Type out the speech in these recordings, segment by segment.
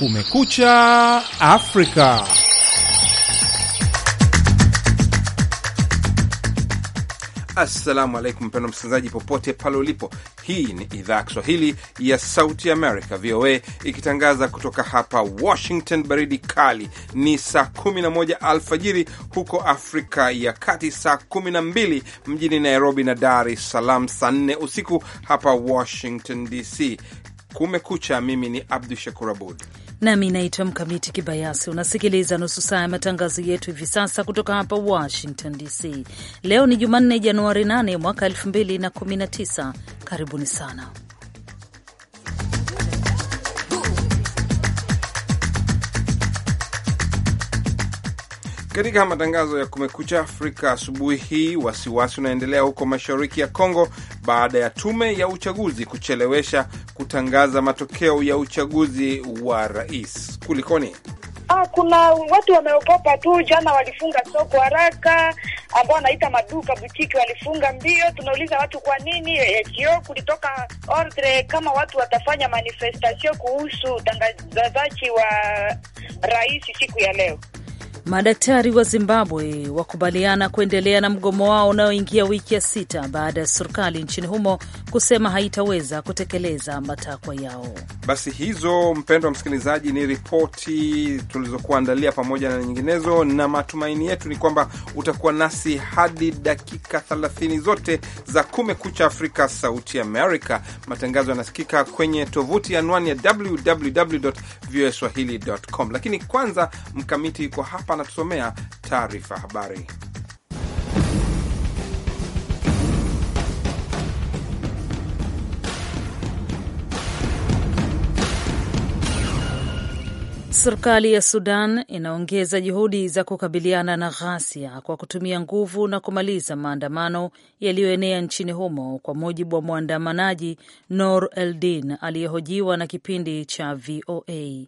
Kumekucha Afrika. Assalamu alaikum, mpendo msikilizaji, popote pale ulipo. Hii ni idhaa ya Kiswahili ya Sauti Amerika, VOA, ikitangaza kutoka hapa Washington. Baridi kali ni saa 11 alfajiri huko Afrika ya Kati, saa 12 mjini Nairobi na Dar es Salaam, saa 4 usiku hapa Washington DC. Kumekucha. Mimi ni Abdu Shakur Abud nami naitwa Mkamiti Kibayasi. Unasikiliza nusu saa ya matangazo yetu hivi sasa kutoka hapa Washington DC. Leo ni Jumanne, Januari 8 mwaka 2019. Karibuni sana Katika matangazo ya Kumekucha Afrika asubuhi hii, wasiwasi unaendelea huko mashariki ya Kongo baada ya tume ya uchaguzi kuchelewesha kutangaza matokeo ya uchaguzi wa rais. Kulikoni? Ah, kuna watu wameogopa tu. Jana walifunga soko haraka, ambao wanaita maduka butiki walifunga mbio. Tunauliza watu kwa nini? Ejio kulitoka ordre kama watu watafanya manifestation kuhusu utangazaji wa rais siku ya leo. Madaktari wa Zimbabwe wakubaliana kuendelea na mgomo wao unaoingia wiki ya sita baada ya serikali nchini humo kusema haitaweza kutekeleza matakwa yao. Basi hizo, mpendwa msikilizaji, ni ripoti tulizokuandalia pamoja na nyinginezo, na matumaini yetu ni kwamba utakuwa nasi hadi dakika 30 zote za Kumekucha Afrika, Sauti Amerika. Matangazo yanasikika kwenye tovuti anwani ya www com, lakini kwanza Mkamiti yuko hapa hapa anatusomea taarifa habari. Serikali ya Sudan inaongeza juhudi za kukabiliana na ghasia kwa kutumia nguvu na kumaliza maandamano yaliyoenea nchini humo, kwa mujibu wa mwandamanaji nor Eldin aliyehojiwa na kipindi cha VOA.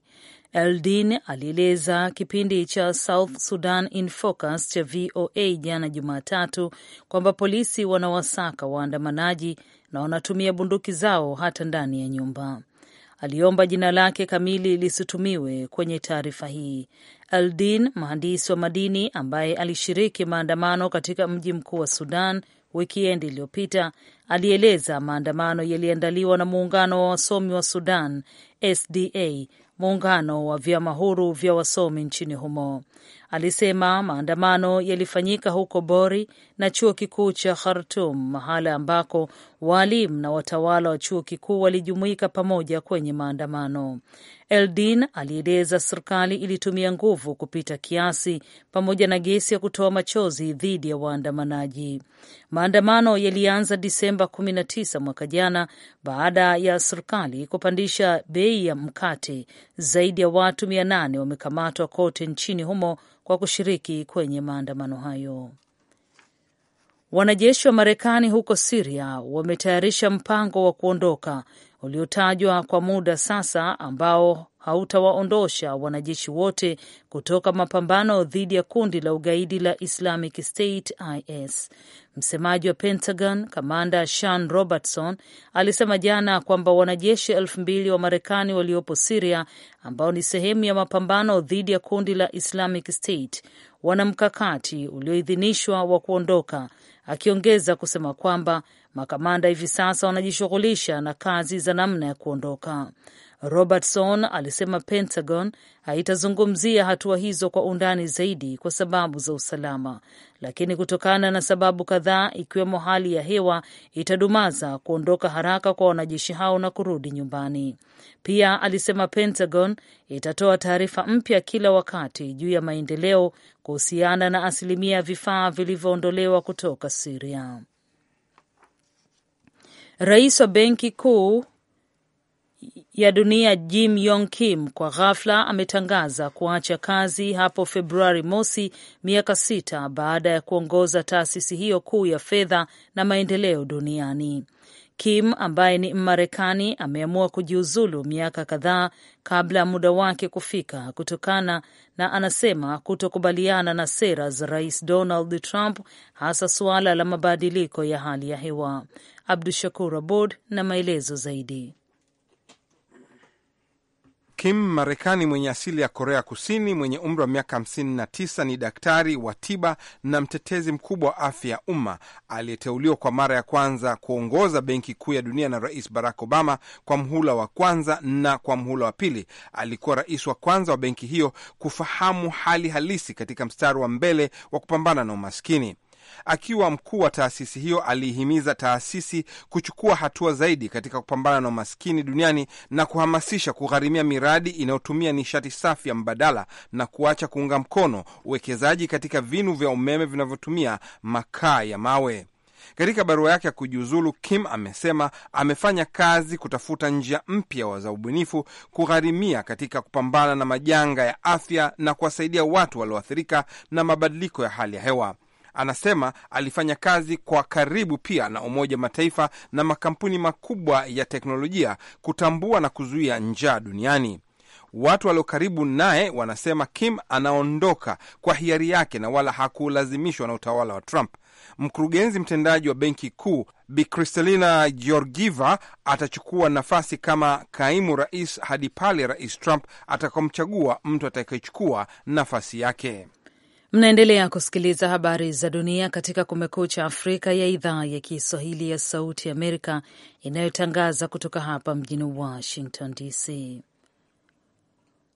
Eldin alieleza kipindi cha South Sudan in Focus cha VOA jana Jumatatu kwamba polisi wanawasaka waandamanaji na wanatumia bunduki zao hata ndani ya nyumba. Aliomba jina lake kamili lisitumiwe kwenye taarifa hii. eldin mhandisi wa madini ambaye alishiriki maandamano katika mji mkuu wa Sudan wikiendi iliyopita, alieleza maandamano yaliandaliwa na muungano wa wasomi wa Sudan SDA muungano wa vyama huru vya wasomi nchini humo. Alisema maandamano yalifanyika huko Bori na chuo kikuu cha Khartum, mahala ambako waalimu na watawala wa chuo kikuu walijumuika pamoja kwenye maandamano. Eldin alieleza serikali ilitumia nguvu kupita kiasi pamoja na gesi ya kutoa machozi dhidi ya waandamanaji. Maandamano yalianza Disemba 19 mwaka jana baada ya serikali kupandisha bei ya mkate. Zaidi ya watu 800 wamekamatwa kote nchini humo kwa kushiriki kwenye maandamano hayo. Wanajeshi wa Marekani huko Siria wametayarisha mpango wa kuondoka uliotajwa kwa muda sasa ambao hautawaondosha wanajeshi wote kutoka mapambano dhidi ya kundi la ugaidi la Islamic State IS. Msemaji wa Pentagon, kamanda Sean Robertson, alisema jana kwamba wanajeshi elfu mbili wa Marekani waliopo Siria, ambao ni sehemu ya mapambano dhidi ya kundi la Islamic State, wana mkakati ulioidhinishwa wa kuondoka, akiongeza kusema kwamba Makamanda hivi sasa wanajishughulisha na kazi za namna ya kuondoka. Robertson alisema Pentagon haitazungumzia hatua hizo kwa undani zaidi kwa sababu za usalama, lakini kutokana na sababu kadhaa, ikiwemo hali ya hewa, itadumaza kuondoka haraka kwa wanajeshi hao na kurudi nyumbani. Pia alisema Pentagon itatoa taarifa mpya kila wakati juu ya maendeleo kuhusiana na asilimia ya vifaa vilivyoondolewa kutoka Siria. Rais wa Benki Kuu ya Dunia Jim Yong Kim kwa ghafla ametangaza kuacha kazi hapo Februari mosi, miaka sita baada ya kuongoza taasisi hiyo kuu ya fedha na maendeleo duniani. Kim ambaye ni Mmarekani ameamua kujiuzulu miaka kadhaa kabla ya muda wake kufika kutokana na anasema kutokubaliana na sera za Rais Donald Trump, hasa suala la mabadiliko ya hali ya hewa. Abdu Shakur Abod na maelezo zaidi. Kim Marekani mwenye asili ya Korea Kusini mwenye umri wa miaka 59 ni daktari wa tiba na mtetezi mkubwa wa afya ya umma aliyeteuliwa kwa mara ya kwanza kuongoza Benki Kuu ya Dunia na Rais Barack Obama kwa mhula wa kwanza na kwa mhula wa pili. Alikuwa rais wa kwanza wa benki hiyo kufahamu hali halisi katika mstari wa mbele wa kupambana na umaskini. Akiwa mkuu wa taasisi hiyo, aliihimiza taasisi kuchukua hatua zaidi katika kupambana na umaskini duniani na kuhamasisha kugharimia miradi inayotumia nishati safi ya mbadala na kuacha kuunga mkono uwekezaji katika vinu vya umeme vinavyotumia makaa ya mawe. Katika barua yake ya kujiuzulu, Kim amesema amefanya kazi kutafuta njia mpya za ubunifu kugharimia katika kupambana na majanga ya afya na kuwasaidia watu walioathirika na mabadiliko ya hali ya hewa. Anasema alifanya kazi kwa karibu pia na Umoja Mataifa na makampuni makubwa ya teknolojia kutambua na kuzuia njaa duniani. Watu walio karibu naye wanasema Kim anaondoka kwa hiari yake na wala hakulazimishwa na utawala wa Trump. Mkurugenzi mtendaji wa benki kuu Bi Kristalina Georgieva atachukua nafasi kama kaimu rais hadi pale Rais Trump atakamchagua mtu atakayechukua nafasi yake. Mnaendelea kusikiliza habari za dunia katika Kumekucha Afrika ya idhaa ya Kiswahili ya Sauti Amerika inayotangaza kutoka hapa mjini Washington DC.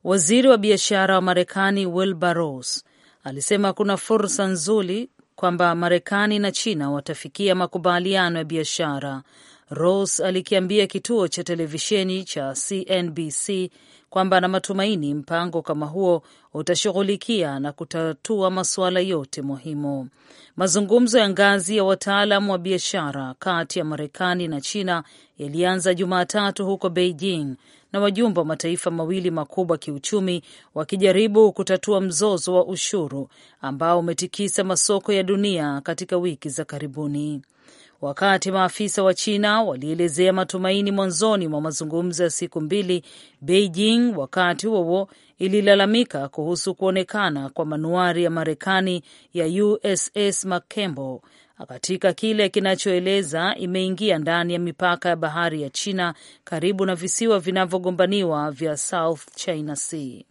Waziri wa biashara wa Marekani Wilbur Ross alisema kuna fursa nzuri kwamba Marekani na China watafikia makubaliano ya biashara. Ross alikiambia kituo cha televisheni cha CNBC kwamba ana matumaini mpango kama huo utashughulikia na kutatua masuala yote muhimu. Mazungumzo ya ngazi ya wataalam wa biashara kati ya Marekani na China yalianza Jumatatu huko Beijing na wajumbe wa mataifa mawili makubwa kiuchumi wakijaribu kutatua mzozo wa ushuru ambao umetikisa masoko ya dunia katika wiki za karibuni wakati maafisa wa China walielezea matumaini mwanzoni mwa mazungumzo ya siku mbili. Beijing wakati huo huo ililalamika kuhusu kuonekana kwa manuari ya Marekani ya USS McCampbell katika kile kinachoeleza imeingia ndani ya mipaka ya bahari ya China karibu na visiwa vinavyogombaniwa vya South China Sea.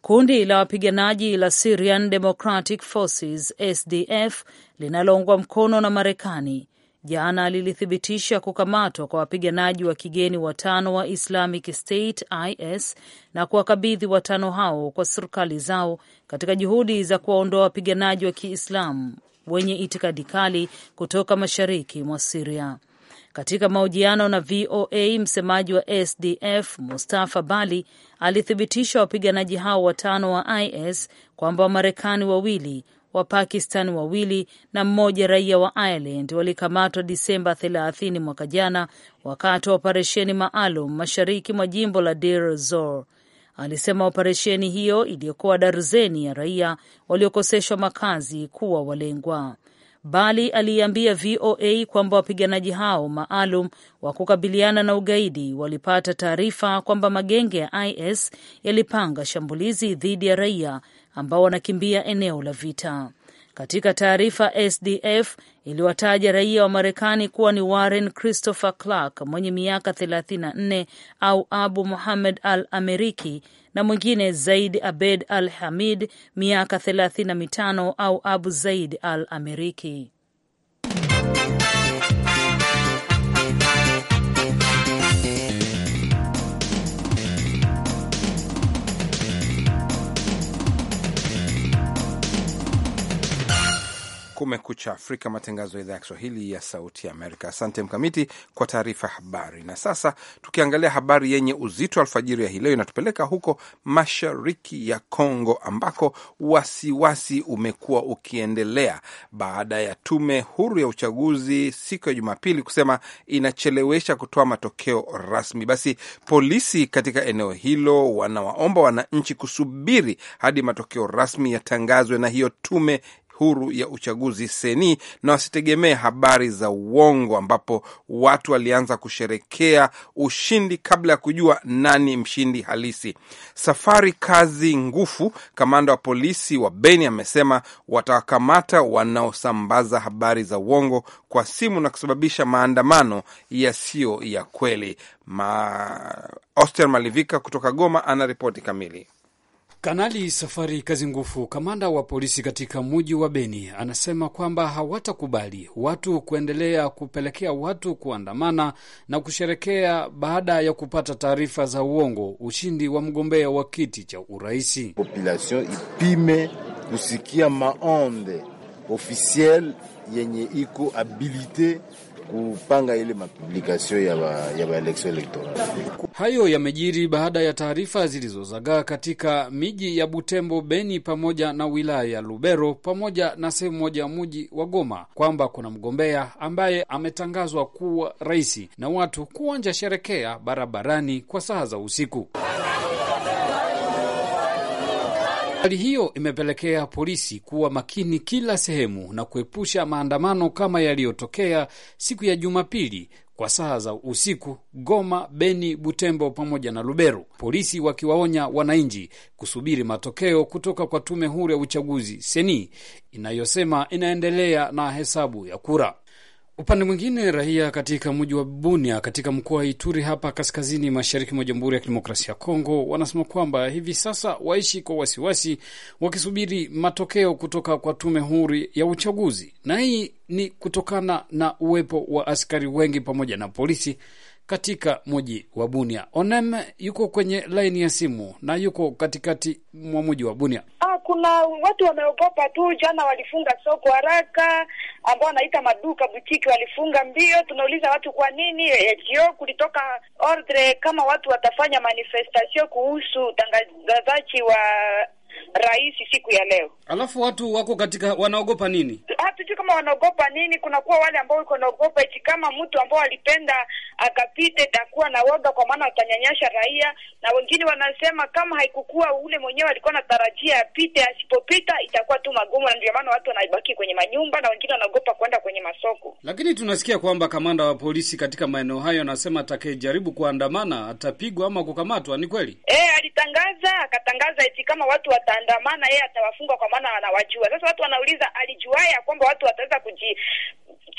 Kundi la wapiganaji la Syrian Democratic Forces SDF linaloungwa mkono na Marekani jana lilithibitisha kukamatwa kwa wapiganaji wa kigeni watano wa Islamic State IS na kuwakabidhi watano hao kwa serikali zao katika juhudi za kuwaondoa wapiganaji wa Kiislamu wenye itikadi kali kutoka mashariki mwa Siria. Katika mahojiano na VOA, msemaji wa SDF Mustafa Bali alithibitisha wapiganaji hao watano wa IS kwamba Wamarekani wawili wa Pakistan wawili na mmoja raia wa Ireland walikamatwa Disemba 30 mwaka jana wakati wa operesheni maalum mashariki mwa jimbo la Deir Zor. Alisema operesheni hiyo iliyokuwa darzeni ya raia waliokoseshwa makazi kuwa walengwa bali aliiambia VOA kwamba wapiganaji hao maalum wa kukabiliana na ugaidi walipata taarifa kwamba magenge ya IS yalipanga shambulizi dhidi ya raia ambao wanakimbia eneo la vita. Katika taarifa, SDF iliwataja raia wa Marekani kuwa ni Warren Christopher Clark mwenye miaka 34 au Abu Muhammad Al Ameriki na mwingine Zaid Abed Al Hamid miaka 35 au Abu Zaid Al Ameriki. Kumekucha Afrika, matangazo ya idhaa ya Kiswahili ya Sauti Amerika. Asante Mkamiti kwa taarifa ya habari. Na sasa tukiangalia habari yenye uzito alfajiri ya hii leo, inatupeleka huko mashariki ya Kongo ambako wasiwasi umekuwa ukiendelea baada ya tume huru ya uchaguzi siku ya Jumapili kusema inachelewesha kutoa matokeo rasmi. Basi polisi katika eneo hilo wanawaomba wananchi kusubiri hadi matokeo rasmi yatangazwe na hiyo tume huru ya uchaguzi seni na wasitegemee habari za uongo, ambapo watu walianza kusherekea ushindi kabla ya kujua nani mshindi halisi. Safari Kazi Ngufu, kamanda wa polisi wa Beni, amesema watawakamata wanaosambaza habari za uongo kwa simu na kusababisha maandamano yasiyo ya kweli. Ma... Oster Malivika kutoka Goma ana ripoti kamili. Kanali Safari Kazingufu, kamanda wa polisi katika muji wa Beni, anasema kwamba hawatakubali watu kuendelea kupelekea watu kuandamana na kusherekea baada ya kupata taarifa za uongo ushindi wa mgombea wa kiti cha uraisi. Population ipime kusikia maonde ofisiel yenye iko habilite kupanga ile mapublikasio ya baeleksio elektoral. Hayo yamejiri baada ya taarifa zilizozagaa katika miji ya Butembo, Beni pamoja na wilaya ya Lubero pamoja na sehemu moja ya mji wa Goma kwamba kuna mgombea ambaye ametangazwa kuwa rais na watu kuanja sherekea barabarani kwa saa za usiku. Hali hiyo imepelekea polisi kuwa makini kila sehemu na kuepusha maandamano kama yaliyotokea siku ya Jumapili kwa saa za usiku Goma, Beni, Butembo pamoja na Lubero, polisi wakiwaonya wananchi kusubiri matokeo kutoka kwa tume huru ya uchaguzi seni inayosema inaendelea na hesabu ya kura. Upande mwingine, raia katika mji wa Bunia katika mkoa wa Ituri hapa kaskazini mashariki mwa Jamhuri ya Kidemokrasia ya Kongo wanasema kwamba hivi sasa waishi kwa wasiwasi, wakisubiri matokeo kutoka kwa tume huru ya uchaguzi, na hii ni kutokana na uwepo wa askari wengi pamoja na polisi katika mji wa Bunia. Onem yuko kwenye laini ya simu na yuko katikati mwa mji wa Bunia. Ah, kuna watu wameogopa tu. Jana walifunga soko haraka, ambao wanaita maduka butiki walifunga mbio. Tunauliza watu kwa nini? Eh, Io kulitoka ordre kama watu watafanya manifestation kuhusu utangazaji wa rais siku ya leo. Alafu watu wako katika wanaogopa nini? Hatujui kama wanaogopa nini. Kunakuwa wale ambao wiko naogopa eti kama mtu ambao alipenda akapita itakuwa na woga, kwa maana atanyanyasha raia, na wengine wanasema kama haikukua ule mwenyewe alikuwa anatarajia apite, asipopita itakuwa tu magumu, na ndio maana watu wanabaki kwenye manyumba na wengine wanaogopa kwenda kwenye masoko. Lakini tunasikia kwamba kamanda wa polisi katika maeneo hayo anasema atakayejaribu kuandamana atapigwa ama kukamatwa. Ni kweli eh? alitangaza akatangaza eti kama watu wataandamana, yeye atawafunga kwa maana anawajua. Sasa watu wanauliza, alijuaje kwamba watu wataweza kuji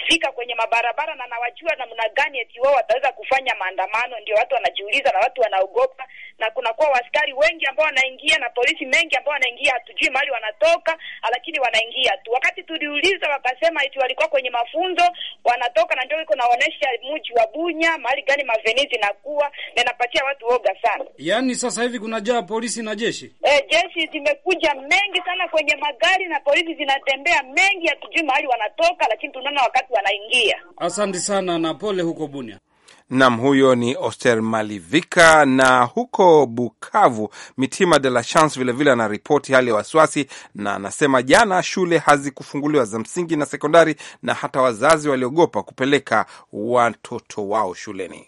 fika kwenye mabarabara na nawajua namna gani eti wao wataweza kufanya maandamano, ndio watu wanajiuliza na watu wanaogopa, na kunakuwa askari wengi ambao wanaingia na polisi mengi ambao wanaingia, hatujui mahali wanatoka, lakini wanaingia tu. Wakati tuliuliza, wakasema eti walikuwa kwenye mafunzo wanatoka, na ndio iko naonesha mji wa Bunya mahali gani mavenizi nakuwa na inapatia watu woga sana. Yani sasa hivi kunajaa polisi na jeshi e, jeshi zimekuja mengi sana kwenye magari na polisi zinatembea mengi, hatujui mahali wanatoka, lakini tunaona wakati wanaingia. Asante sana na pole huko Bunia. Nam, huyo ni Oster Malivika. Na huko Bukavu, Mitima de la Chance vilevile anaripoti hali ya wasiwasi, na anasema jana shule hazikufunguliwa za msingi na sekondari, na hata wazazi waliogopa kupeleka watoto wao shuleni.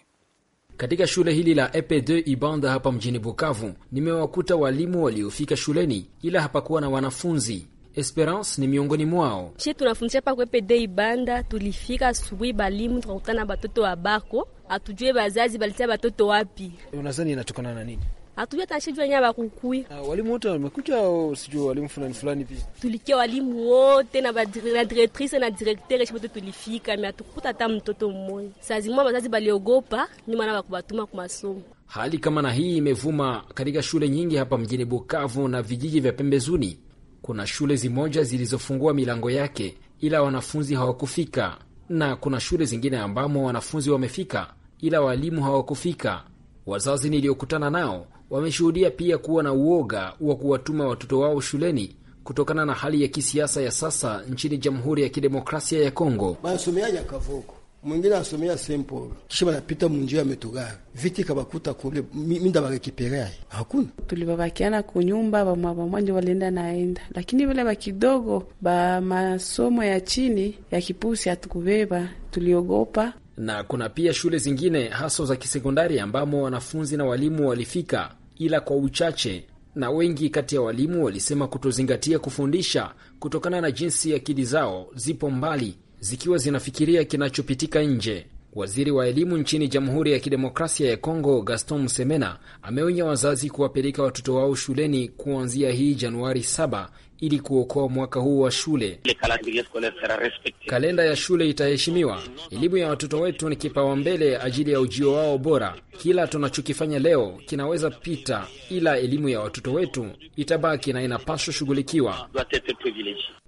Katika shule hili la ep de Ibanda hapa mjini Bukavu, nimewakuta walimu waliofika shuleni, ila hapakuwa na wanafunzi. Esperance ni miongoni mwao. Shie tunafundisha pa kwepe dei banda, tulifika asubuhi balimu tukakutana na batoto wa bako, atujue bazazi balitia batoto wapi. Unazani inatokana na nini? Hatujua tashijua nyaba kukui. Uh, walimu wote wamekuja au sijui walimu fulani fulani pia? Tulikia walimu wote na na directrice na directeur shibote tulifika, mimi atukuta hata mtoto mmoja. Saa zingine wazazi baliogopa, ni maana wakubatuma kwa masomo. Hali kama na hii imevuma katika shule nyingi hapa mjini Bukavu na vijiji vya pembezuni. Kuna shule zimoja zilizofungua milango yake, ila wanafunzi hawakufika, na kuna shule zingine ambamo wanafunzi wamefika, ila walimu hawakufika. Wazazi niliyokutana nao wameshuhudia pia kuwa na uoga wa kuwatuma watoto wao shuleni kutokana na hali ya kisiasa ya sasa nchini Jamhuri ya Kidemokrasia ya Kongo. Basomeaji akavuka mwingine asomea simple kisha banapita munjia ya metugari viti kabakuta kule minda bakakiperea hakuna. Tulibabakiana kunyumba bamwa bamwa walienda naenda, lakini vile bakidogo ba masomo ya chini ya kipusi hatukubeba, tuliogopa na kuna pia shule zingine haso za kisekondari ambamo wanafunzi na walimu walifika ila kwa uchache, na wengi kati ya walimu walisema kutozingatia kufundisha kutokana na jinsi akili zao zipo mbali zikiwa zinafikiria kinachopitika nje. Waziri wa elimu nchini Jamhuri ya Kidemokrasia ya Kongo, Gaston Msemena, ameonya wazazi kuwapeleka watoto wao shuleni kuanzia hii Januari 7 ili kuokoa mwaka huu wa shule. Kalenda ya shule itaheshimiwa. Elimu ya watoto wetu ni kipaumbele ajili ya ujio wao bora. Kila tunachokifanya leo kinaweza pita, ila elimu ya watoto wetu itabaki na inapaswa shughulikiwa.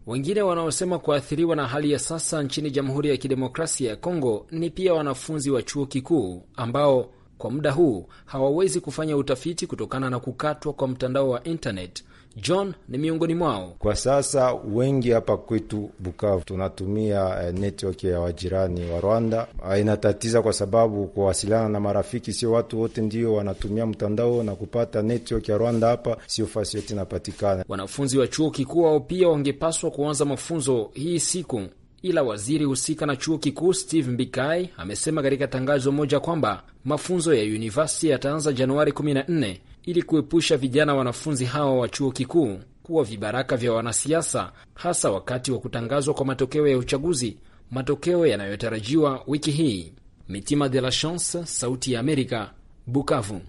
Wengine wanaosema kuathiriwa na hali ya sasa nchini Jamhuri ya Kidemokrasia ya Kongo ni pia wanafunzi wa chuo kikuu ambao kwa muda huu hawawezi kufanya utafiti kutokana na kukatwa kwa mtandao wa intanet. John ni miongoni mwao. Kwa sasa wengi hapa kwetu Bukavu tunatumia eh, network ya wajirani wa Rwanda. Ah, inatatiza kwa sababu kuwasiliana na marafiki, sio watu wote ndio wanatumia mtandao na kupata network ya Rwanda hapa sio fasi yote inapatikana. Wanafunzi wa chuo kikuu wao pia wangepaswa kuanza mafunzo hii siku ila waziri husika na chuo kikuu Steve Mbikai amesema katika tangazo moja kwamba mafunzo ya university yataanza Januari 14 ili kuepusha vijana wanafunzi hawa wa chuo kikuu kuwa vibaraka vya wanasiasa, hasa wakati wa kutangazwa kwa matokeo ya uchaguzi, matokeo yanayotarajiwa wiki hii. Mitima de la Chance, Sauti ya Amerika, Bukavu.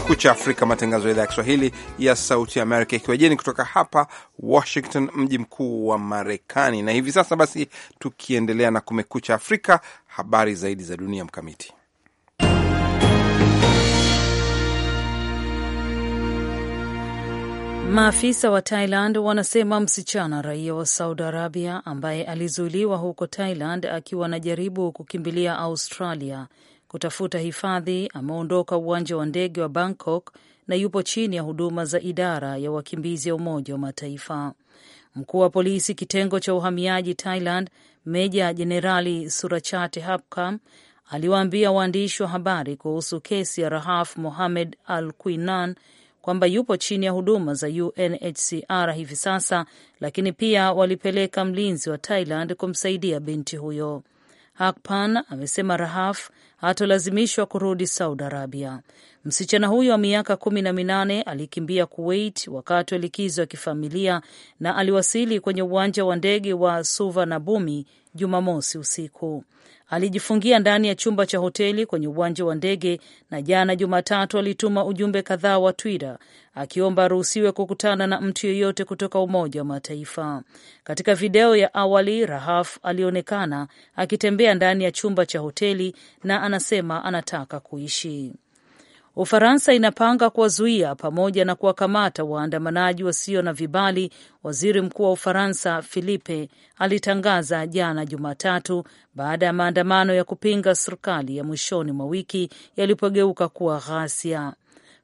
kumekucha afrika matangazo ya idhaa ya kiswahili ya sauti amerika ikiwa jeni kutoka hapa washington mji mkuu wa marekani na hivi sasa basi tukiendelea na kumekucha afrika habari zaidi za dunia mkamiti Maafisa wa Thailand wanasema msichana raia wa Saudi Arabia ambaye alizuiliwa huko Thailand akiwa anajaribu kukimbilia Australia kutafuta hifadhi ameondoka uwanja wa ndege wa Bangkok na yupo chini ya huduma za idara ya wakimbizi ya Umoja wa Mataifa. Mkuu wa polisi kitengo cha uhamiaji Thailand, meja jenerali Surachate Hapkam aliwaambia waandishi wa habari kuhusu kesi ya Rahaf Mohamed Al Quinan kwamba yupo chini ya huduma za UNHCR hivi sasa, lakini pia walipeleka mlinzi wa Thailand kumsaidia binti huyo. Hakpan amesema Rahaf hatolazimishwa kurudi Saudi Arabia. Msichana huyo wa miaka kumi na minane alikimbia Kuwait wakati wa likizo ya kifamilia na aliwasili kwenye uwanja wa ndege wa suva na bumi Jumamosi usiku alijifungia ndani ya chumba cha hoteli kwenye uwanja wa ndege, na jana Jumatatu alituma ujumbe kadhaa wa Twitter akiomba aruhusiwe kukutana na mtu yeyote kutoka Umoja wa Mataifa. Katika video ya awali, Rahaf alionekana akitembea ndani ya chumba cha hoteli na anasema anataka kuishi Ufaransa inapanga kuwazuia pamoja na kuwakamata waandamanaji wasio na vibali, waziri mkuu wa Ufaransa filipe alitangaza jana Jumatatu, baada ya maandamano ya kupinga serikali ya mwishoni mwa wiki yalipogeuka kuwa ghasia.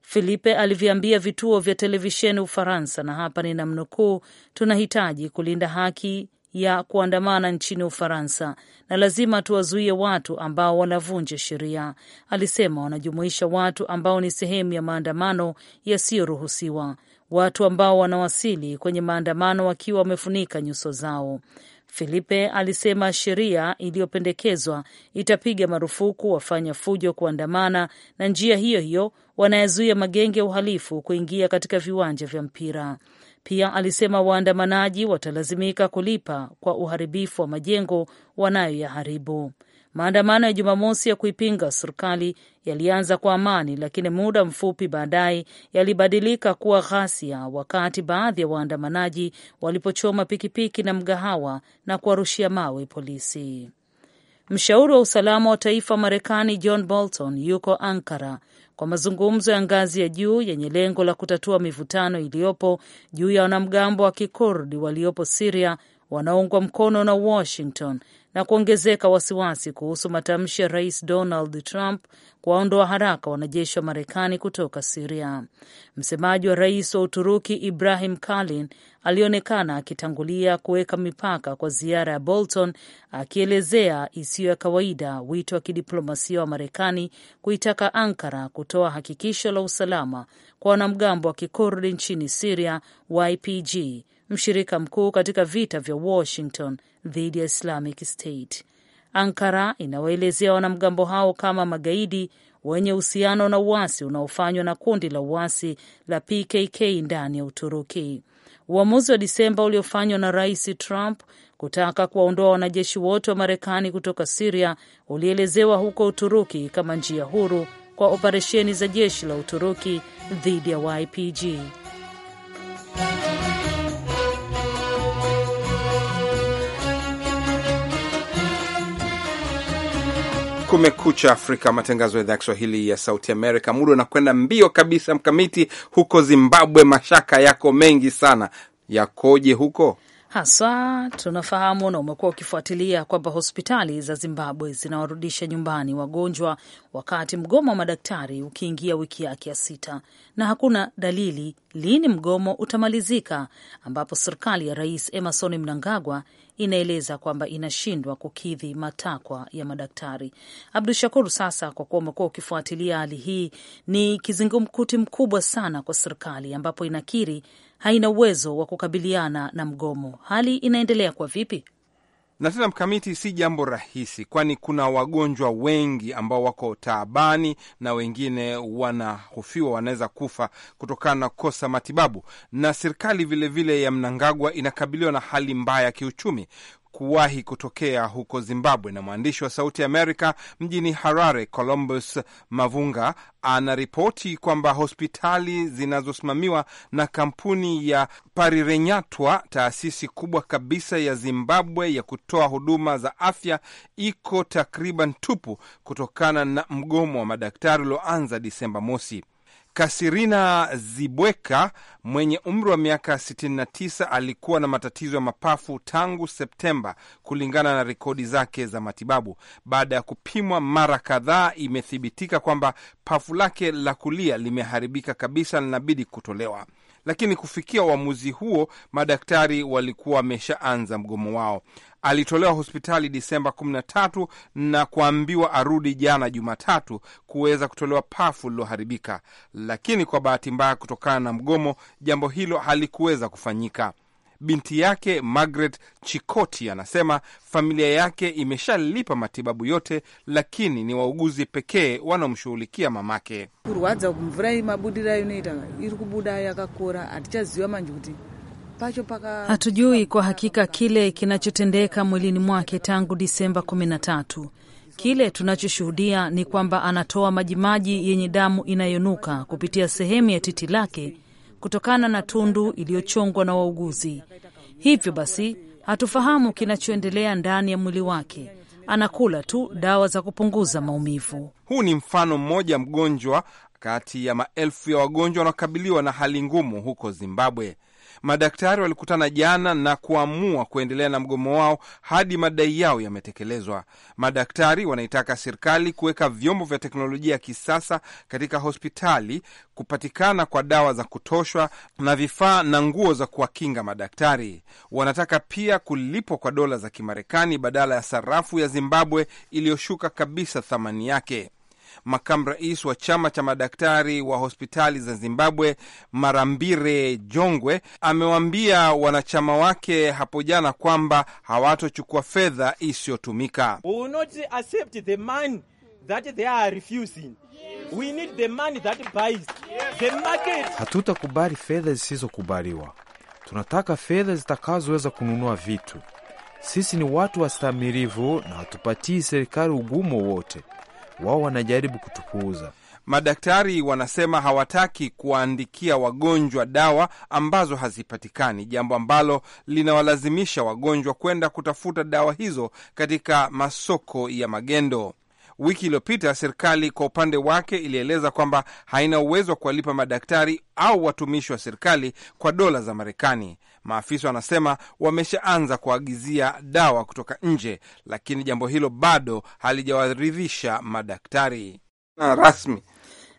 filipe aliviambia vituo vya televisheni Ufaransa, na hapa ninamnukuu, tunahitaji kulinda haki ya kuandamana nchini Ufaransa, na lazima tuwazuie watu ambao wanavunja sheria. Alisema wanajumuisha watu ambao ni sehemu ya maandamano yasiyoruhusiwa, watu ambao wanawasili kwenye maandamano wakiwa wamefunika nyuso zao. Filipe alisema sheria iliyopendekezwa itapiga marufuku wafanya fujo kuandamana, na njia hiyo hiyo wanayazuia magenge ya uhalifu kuingia katika viwanja vya mpira. Pia alisema waandamanaji watalazimika kulipa kwa uharibifu wa majengo wanayoyaharibu. Maandamano ya Jumamosi ya kuipinga serikali yalianza kwa amani, lakini muda mfupi baadaye yalibadilika kuwa ghasia, wakati baadhi ya waandamanaji walipochoma pikipiki na mgahawa na kuwarushia mawe polisi. Mshauri wa usalama wa taifa Marekani John Bolton yuko Ankara kwa mazungumzo ya ngazi ya juu yenye lengo la kutatua mivutano iliyopo juu ya wanamgambo wa Kikurdi waliopo Siria wanaoungwa mkono na Washington na kuongezeka wasiwasi kuhusu matamshi ya Rais Donald Trump kuwaondoa haraka wanajeshi wa Marekani kutoka Siria. Msemaji wa rais wa Uturuki Ibrahim Kalin alionekana akitangulia kuweka mipaka kwa ziara ya Bolton, akielezea isiyo ya kawaida wito wa kidiplomasia wa Marekani kuitaka Ankara kutoa hakikisho la usalama kwa wanamgambo wa kikurdi nchini Siria YPG mshirika mkuu katika vita vya Washington dhidi ya Islamic State. Ankara inawaelezea wanamgambo hao kama magaidi wenye uhusiano na uasi unaofanywa na kundi la uasi la PKK ndani ya Uturuki. Uamuzi wa Disemba uliofanywa na Rais Trump kutaka kuwaondoa wanajeshi wote wa Marekani kutoka Siria ulielezewa huko Uturuki kama njia huru kwa operesheni za jeshi la Uturuki dhidi ya YPG. Kumekucha Afrika, matangazo ya idhaa ya Kiswahili ya Sauti Amerika. Muda unakwenda mbio kabisa, Mkamiti. Huko Zimbabwe mashaka yako mengi sana, yakoje huko? Haswa tunafahamu na umekuwa ukifuatilia kwamba hospitali za Zimbabwe zinawarudisha nyumbani wagonjwa, wakati mgomo wa madaktari ukiingia wiki yake ya sita na hakuna dalili lini mgomo utamalizika, ambapo serikali ya Rais Emerson Mnangagwa inaeleza kwamba inashindwa kukidhi matakwa ya madaktari. Abdu Shakur, sasa kwa kuwa umekuwa ukifuatilia hali hii, ni kizingumkuti mkubwa sana kwa serikali ambapo inakiri haina uwezo wa kukabiliana na mgomo. Hali inaendelea kwa vipi? Nasema mkamiti, si jambo rahisi, kwani kuna wagonjwa wengi ambao wako taabani na wengine wanahofiwa wanaweza kufa kutokana na kukosa matibabu, na serikali vilevile ya Mnangagwa inakabiliwa na hali mbaya ya kiuchumi kuwahi kutokea huko Zimbabwe. Na mwandishi wa Sauti ya Amerika mjini Harare, Columbus Mavunga, anaripoti kwamba hospitali zinazosimamiwa na kampuni ya Parirenyatwa, taasisi kubwa kabisa ya Zimbabwe ya kutoa huduma za afya, iko takriban tupu kutokana na mgomo wa madaktari ulioanza Disemba mosi. Kasirina Zibweka mwenye umri wa miaka 69 alikuwa na matatizo ya mapafu tangu Septemba, kulingana na rekodi zake za matibabu. Baada ya kupimwa mara kadhaa, imethibitika kwamba pafu lake la kulia limeharibika kabisa, linabidi kutolewa lakini kufikia uamuzi huo madaktari walikuwa wameshaanza mgomo wao. Alitolewa hospitali Disemba 13 na kuambiwa arudi jana Jumatatu kuweza kutolewa pafu lililoharibika, lakini kwa bahati mbaya, kutokana na mgomo, jambo hilo halikuweza kufanyika binti yake Margaret Chikoti anasema familia yake imeshalipa matibabu yote, lakini ni wauguzi pekee wanaomshughulikia mamake. kurwadza kumvura mabudira inoita iri kubuda yakakora hatichaziwa manje kuti hatujui kwa hakika kile kinachotendeka mwilini mwake tangu Disemba 13. Kile tunachoshuhudia ni kwamba anatoa majimaji yenye damu inayonuka kupitia sehemu ya titi lake kutokana na tundu iliyochongwa na wauguzi. Hivyo basi hatufahamu kinachoendelea ndani ya mwili wake, anakula tu dawa za kupunguza maumivu. Huu ni mfano mmoja mgonjwa kati ya maelfu ya wagonjwa wanaokabiliwa na hali ngumu huko Zimbabwe. Madaktari walikutana jana na kuamua kuendelea na mgomo wao hadi madai yao yametekelezwa. Madaktari wanaitaka serikali kuweka vyombo vya teknolojia ya kisasa katika hospitali, kupatikana kwa dawa za kutoshwa na vifaa na nguo za kuwakinga madaktari. Wanataka pia kulipwa kwa dola za Kimarekani badala ya sarafu ya Zimbabwe iliyoshuka kabisa thamani yake makamu rais wa chama cha madaktari wa hospitali za Zimbabwe, Marambire Jongwe, amewaambia wanachama wake hapo jana kwamba hawatochukua fedha isiyotumika. Hatutakubali fedha zisizokubaliwa, tunataka fedha zitakazoweza kununua vitu. Sisi ni watu wastamirivu na hatupatii serikali ugumu wowote wao wanajaribu kutupuuza. Madaktari wanasema hawataki kuwaandikia wagonjwa dawa ambazo hazipatikani, jambo ambalo linawalazimisha wagonjwa kwenda kutafuta dawa hizo katika masoko ya magendo. Wiki iliyopita serikali kwa upande wake ilieleza kwamba haina uwezo wa kuwalipa madaktari au watumishi wa serikali kwa dola za Marekani. Maafisa wanasema wameshaanza kuagizia dawa kutoka nje, lakini jambo hilo bado halijawaridhisha madaktari na rasmi.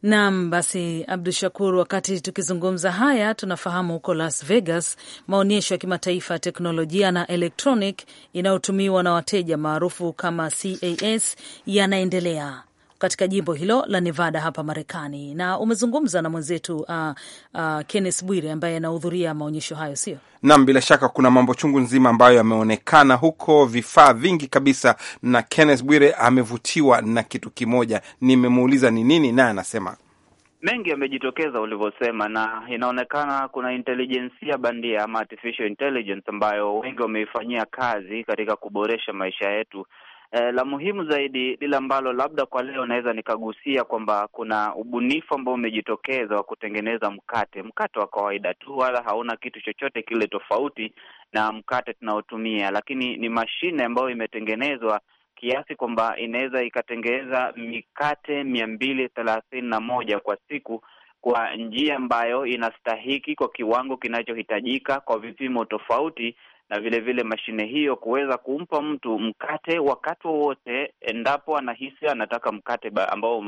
Naam, basi Abdu Shakur, wakati tukizungumza haya, tunafahamu huko Las Vegas maonyesho ya kimataifa ya teknolojia na electronic inayotumiwa na wateja maarufu kama CAS yanaendelea katika jimbo hilo la Nevada hapa Marekani, na umezungumza na mwenzetu uh, uh, Kenneth Bwire ambaye anahudhuria maonyesho hayo, sio nam? Bila shaka kuna mambo chungu nzima ambayo yameonekana huko, vifaa vingi kabisa, na Kenneth Bwire amevutiwa na kitu kimoja. Nimemuuliza ni nini, naye anasema mengi yamejitokeza ulivyosema, na inaonekana kuna intelijensia bandia ama artificial intelligence ambayo wengi wameifanyia kazi katika kuboresha maisha yetu, Eh, la muhimu zaidi lile ambalo labda kwa leo naweza nikagusia kwamba kuna ubunifu ambao umejitokeza wa kutengeneza mkate, mkate wa kawaida tu, wala hauna kitu chochote kile tofauti na mkate tunaotumia, lakini ni mashine ambayo imetengenezwa kiasi kwamba inaweza ikatengeneza mikate mia mbili thelathini na moja kwa siku kwa njia ambayo inastahiki kwa kiwango kinachohitajika kwa vipimo tofauti na vile vile mashine hiyo kuweza kumpa mtu mkate wakati wowote, endapo anahisi anataka mkate ambao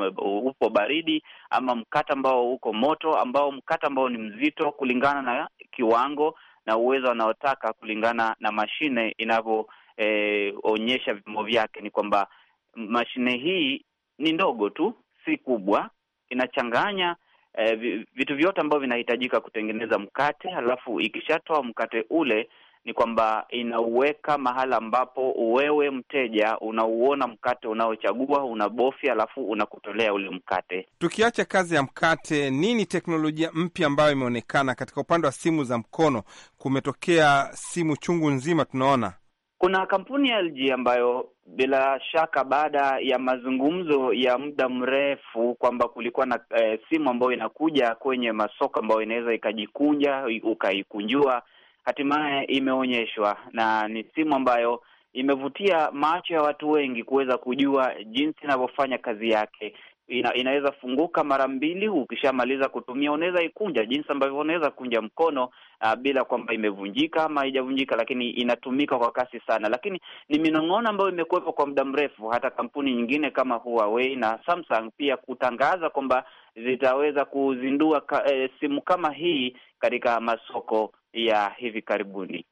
upo baridi ama mkate ambao uko moto, ambao mkate ambao ni mzito, kulingana na kiwango na uwezo anaotaka, kulingana na mashine inavyoonyesha. E, eh, vipimo vyake ni kwamba mashine hii ni ndogo tu, si kubwa, inachanganya eh, vitu vyote ambavyo vinahitajika kutengeneza mkate, halafu ikishatoa mkate ule ni kwamba inauweka mahala ambapo wewe mteja unauona mkate unaochagua, unabofya, alafu unakutolea ule mkate. Tukiacha kazi ya mkate, nini teknolojia mpya ambayo imeonekana katika upande wa simu za mkono? Kumetokea simu chungu nzima, tunaona kuna kampuni ya LG ambayo bila shaka baada ya mazungumzo ya muda mrefu kwamba kulikuwa na e, simu ambayo inakuja kwenye masoko ambayo inaweza ikajikunja ukaikunjua hatimaye imeonyeshwa na ni simu ambayo imevutia macho ya watu wengi kuweza kujua jinsi inavyofanya kazi yake. Ina, inaweza funguka mara mbili. Ukishamaliza kutumia unaweza ikunja jinsi ambavyo unaweza kunja mkono uh, bila kwamba imevunjika ama haijavunjika, lakini inatumika kwa kasi sana. Lakini ni minong'ono ambayo imekuwepo kwa muda mrefu, hata kampuni nyingine kama Huawei na Samsung pia kutangaza kwamba zitaweza kuzindua ka, e, simu kama hii katika masoko ya hivi karibuni.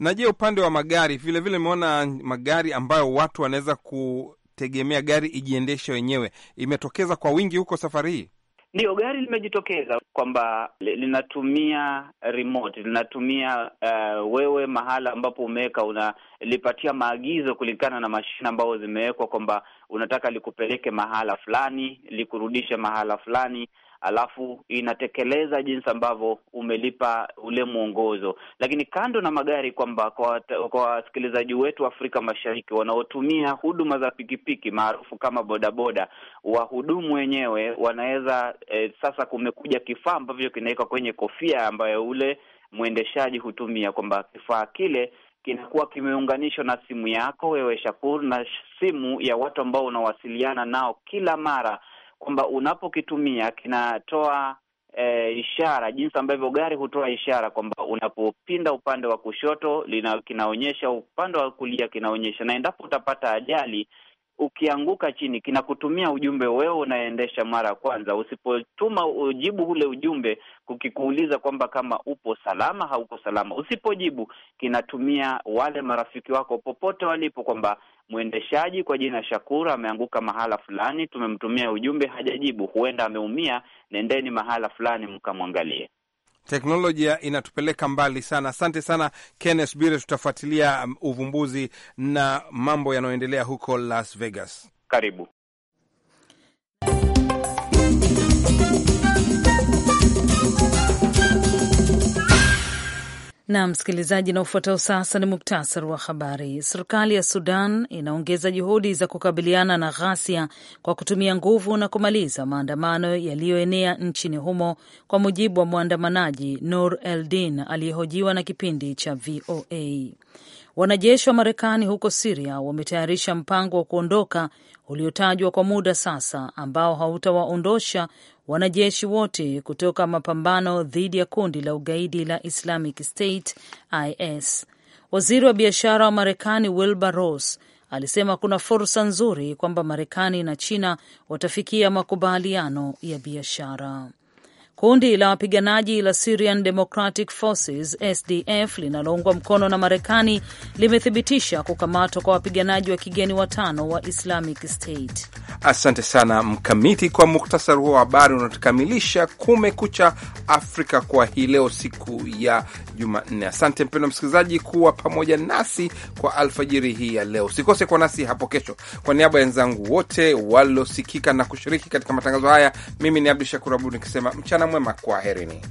Na je, upande wa magari vilevile imeona vile magari ambayo watu wanaweza kutegemea gari ijiendeshe wenyewe, imetokeza kwa wingi huko safari hii? Ndiyo, gari limejitokeza kwamba linatumia remote, linatumia uh, wewe mahala ambapo umeweka unalipatia maagizo kulingana na mashine ambayo zimewekwa kwamba unataka likupeleke mahala fulani, likurudishe mahala fulani alafu inatekeleza jinsi ambavyo umelipa ule mwongozo. Lakini kando na magari, kwamba kwa wasikilizaji kwa wetu Afrika Mashariki wanaotumia huduma za pikipiki maarufu kama bodaboda, wahudumu wenyewe wanaweza eh, sasa kumekuja kifaa ambavyo kinawekwa kwenye kofia ambayo ule mwendeshaji hutumia, kwamba kifaa kile kinakuwa kimeunganishwa na simu yako wewe Shakur, na simu ya watu ambao unawasiliana nao kila mara kwamba unapokitumia kinatoa e, ishara jinsi ambavyo gari hutoa ishara kwamba unapopinda upande wa kushoto lina, kinaonyesha upande wa kulia kinaonyesha, na endapo utapata ajali ukianguka chini kinakutumia ujumbe, wewe unaendesha mara ya kwanza. Usipotuma ujibu ule ujumbe, kukikuuliza kwamba kama upo salama, hauko salama, usipojibu kinatumia wale marafiki wako popote walipo kwamba mwendeshaji kwa jina Shakura ameanguka mahala fulani, tumemtumia ujumbe hajajibu, huenda ameumia, nendeni mahala fulani mkamwangalie. Teknolojia inatupeleka mbali sana. Asante sana Kenneth bire tutafuatilia um, uvumbuzi na mambo yanayoendelea huko Las Vegas. Karibu. Na msikilizaji, na ufuatao sasa ni muktasari wa habari. Serikali ya Sudan inaongeza juhudi za kukabiliana na ghasia kwa kutumia nguvu na kumaliza maandamano yaliyoenea nchini humo, kwa mujibu wa mwandamanaji Nur Eldin aliyehojiwa na kipindi cha VOA. Wanajeshi wa Marekani huko Siria wametayarisha mpango wa kuondoka uliotajwa kwa muda sasa, ambao hautawaondosha Wanajeshi wote kutoka mapambano dhidi ya kundi la ugaidi la Islamic State IS. Waziri wa biashara wa Marekani Wilbur Ross alisema kuna fursa nzuri kwamba Marekani na China watafikia makubaliano ya biashara. Kundi la wapiganaji la Syrian Democratic Forces SDF linaloungwa mkono na Marekani limethibitisha kukamatwa kwa wapiganaji wa kigeni watano wa Islamic State. Asante sana Mkamiti kwa muktasari huo wa habari unatukamilisha Kumekucha Afrika kwa hii leo, siku ya Jumanne. Asante mpendwa msikilizaji kuwa pamoja nasi kwa alfajiri hii ya leo. Usikose kwa nasi hapo kesho. Kwa niaba ya wenzangu wote waliosikika na kushiriki katika matangazo haya, mimi ni Abdu Shakur Abud nikisema mchana mwema, makwaherini.